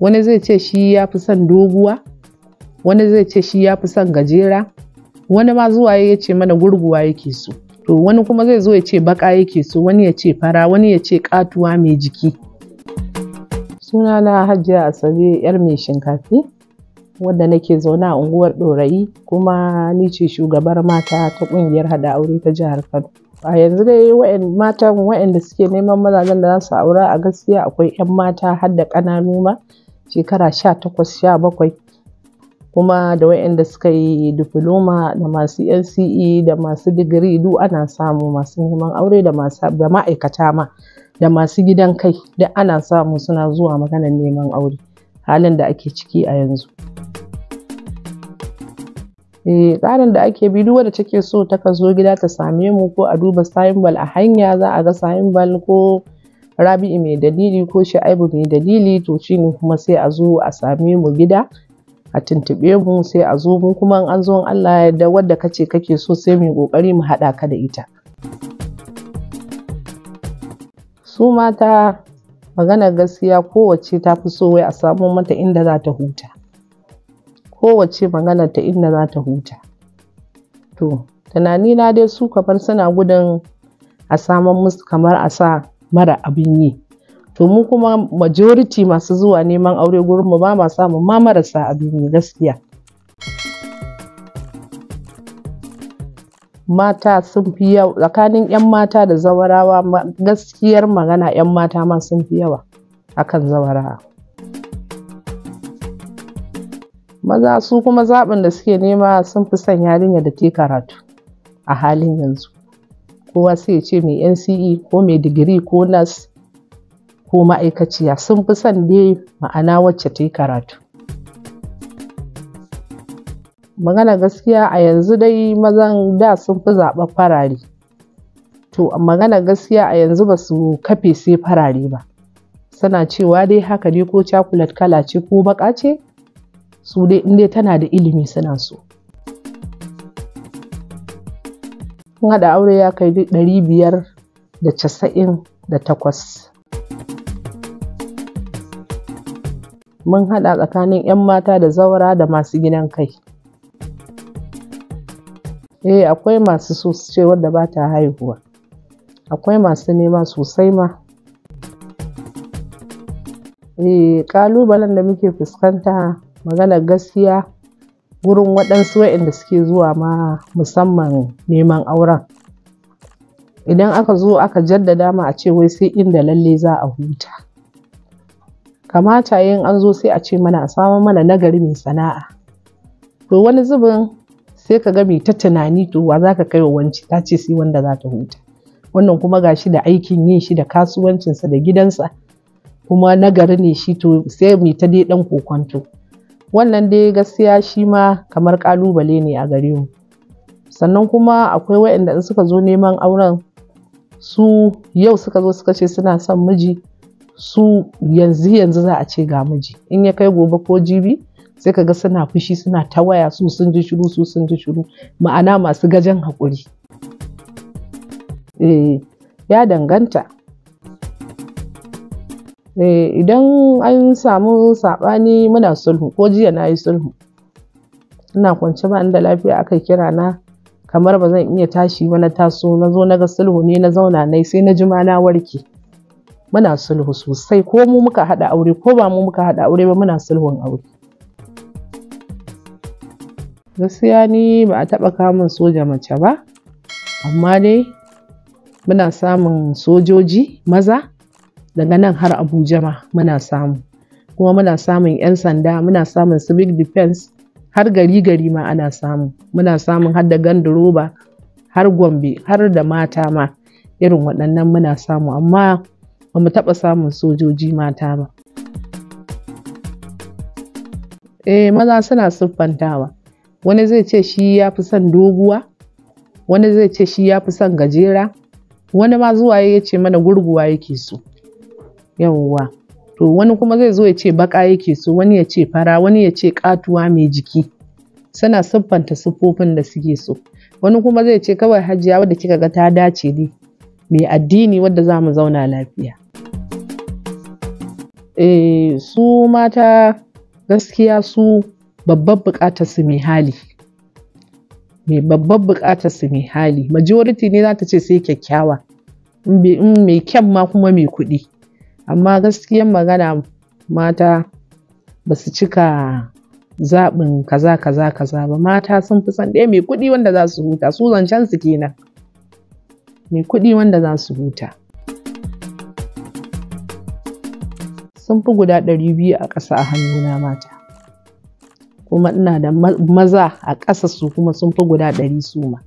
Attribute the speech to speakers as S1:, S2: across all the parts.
S1: wani zai ce shi ya fi son doguwa wani zai ce shi ya fi son gajera wani ma zuwa ya ce mana gurguwa yake so to wani kuma zai zo ya ce baka yake so wani ya ce fara wani ya ce katuwa mai jiki Suna sunana hajiya asabe yar mai shinkafi wadda nake zaune a unguwar dorayi kuma ni ce shugabar mata ta ƙungiyar hada aure ta jihar kano a yanzu dai matan waɗanda suke neman mazajen da za su aura a gaskiya akwai 'yan mata har da ƙananu ma shekara sha takwas sha bakwai kuma da waɗanda suka yi diploma da masu LCE da masu digiri duk ana samu masu neman aure da ma'aikata ma da masu gidan kai da ana samu suna zuwa maganar neman aure halin da ake ciki a yanzu. Eh, tsarin da ake bi duk wadda take so ta zo gida ta same mu ko a duba sayinbal a hanya za a ga sayinbal ko rabi'u mai dalili ko sha'ibu mai dalili to shi ne kuma sai a zo a same mu gida a tuntuɓe mu sai a zo mu kuma an zo Allah da wadda kace kake so sai mu kokari mu haɗa ka da ita su mata maganar gaskiya kowace ta fi so wai a samu mata inda za ta huta kowace maganar ta inda za ta huta to tunani na dai su kamar suna gudun a samun musu kamar a sa mara abin yi to mu kuma majority masu zuwa neman aure gurin mu ba ma samu ma marasa abin yi gaskiya mata sun fi yawa tsakanin 'yan mata da zawarawa gaskiyar magana 'yan mata ma sun fi yawa akan zawarawa maza su kuma zaɓin da suke nema sun fi son yarinya da ke karatu a halin yanzu kowa sai ya ce mai NCE ko mai digiri ko nas ko ma'aikaciya sun fi son dai ma'ana wacce ta yi karatu. Magana gaskiya a yanzu dai mazan da sun fi zaɓa farare. To magana gaskiya a yanzu ba su kafe sai farare ba. Suna cewa dai haka ne ko cakulat kala ce ko baƙa ce? Su dai in tana da ilimi suna so. sun haɗa aure ya kai ɗari biyar da casa'in da takwas mun haɗa tsakanin 'yan mata da zaura da masu gidan kai eh akwai masu so su ce wadda ba ta haihuwa akwai masu nema sosai ma eh ƙalubalen da muke fuskanta maganar gaskiya wurin waɗansu waɗanda suke zuwa ma musamman neman auren idan aka zo aka jaddada ma a ce wai sai inda lalle za a huta kamata yin an zo sai a ce mana a samu mana nagari mai sana'a to wani zubin sai ka ga ta tunani to wa za ka kai wa wanci ta ce sai wanda za ta huta wannan kuma ga shi da aikin yin shi da kasuwancinsa da gidansa kuma nagari ne shi to sai mai ta dai dan kokonto wannan dai gaskiya shi ma kamar ƙalubale ne a gare mu sannan kuma akwai waɗanda in suka zo neman auren su yau suka zo suka ce suna son miji su yanzu yanzu za a ce ga miji in ya kai gobe ko jibi sai ka ga suna fushi suna ta waya su sun ji shiru su sun ji shiru ma'ana masu gajen haƙuri eh ya danganta eh idan an samu saɓani muna sulhu ko jiya na yi sulhu ina kwance ba da lafiya aka kira na kamar ba zan iya tashi ba na taso na zo na ga sulhu ne na zauna nai sai na ji na warke muna sulhu sosai ko mu muka haɗa aure ko ba mu muka haɗa aure ba muna sulhun aure gaskiya ni ba a taɓa kamun soja mace ba amma ne muna samun sojoji maza daga nan har abuja ma muna samu kuma muna samun 'yan sanda muna samun civic defense har gari gari ma ana samu muna samun har da ganduroba har gombe har da mata ma irin waɗannan muna samu amma ba mu taɓa samun sojoji mata ba E, maza suna siffantawa wani zai ce shi ya fi son doguwa wani zai ce shi ya fi son gajera wani ma zuwa ya ce mana gurguwa yake so yawwa to wani kuma zai zo ya ce baƙa yake so wani ya ce fara wani ya ce ƙatuwa mai jiki sana siffanta siffofin da suke so wani kuma zai ce kawai hajiya wadda kika ga ta dace ne mai addini wadda za mu zauna lafiya e, su mata gaskiya su babbar buƙatar su mai hali mai babbar bukatar su mai hali majority ne za ta ce sai kyakkyawa in mai kyan ma kuma mai kuɗi amma gaskiyan magana mata ba su cika zaɓin kaza kaza kaza ba mata sun fi son ɗaya mai kuɗi wanda za su huta su zancen su kenan mai kuɗi wanda za su huta sun fi guda ɗari biyu a ƙasa a hannuna mata kuma ina da maza a ƙasa su kuma sun fi guda ɗari su ma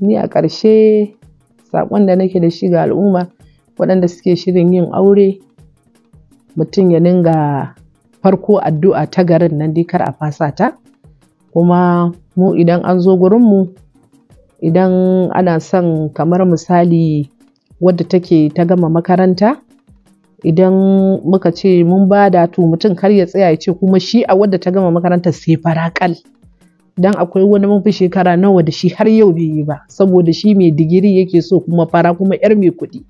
S1: ni a ƙarshe saƙon da nake da shi ga al'umma waɗanda suke shirin yin aure mutum ya ninga farko addu'a ta garin nan dikar kar a fasa ta kuma mu idan an zo mu, idan ana son kamar misali wadda take ta gama makaranta idan muka ce mun ba da to mutum kar ya tsaya ya ce kuma shi a wadda ta gama makaranta sai farakal dan akwai wani mafi shekara nawa da shi har yau bai yi ba saboda shi mai digiri yake so kuma fara kuma yar mai kuɗi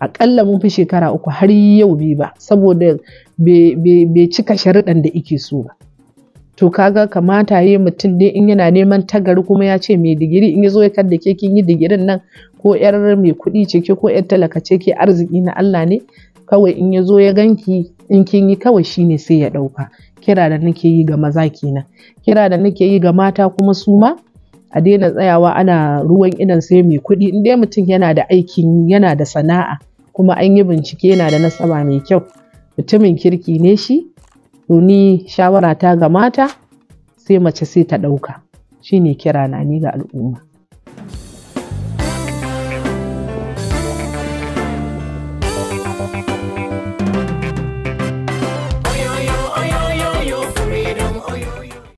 S1: akalla mun fi shekara uku har yau bi ba saboda bai cika sharuɗan da ike so ba to kaga kamata ya yi mutum dai in yana neman tagar, kuma ya ce mai digiri in ya zo ya kadda ke kin yi digirin nan ko yar mai kuɗi ce ke ko yar talaka ce ke arziki na Allah ne kawai in ya zo ya ganki in kin yi kawai shine sai ya ɗauka kira da nake yi ga maza kenan kira da nake yi ga mata kuma su ma a daina tsayawa ana ruwan idan sai mai kuɗi in dai mutum yana da aikin yana da sana'a kuma an yi bincike yana da nasaba mai kyau mutumin kirki ne shi to ni shawara ta ga mata sai mace sai ta ɗauka shine kira na ni ga al'umma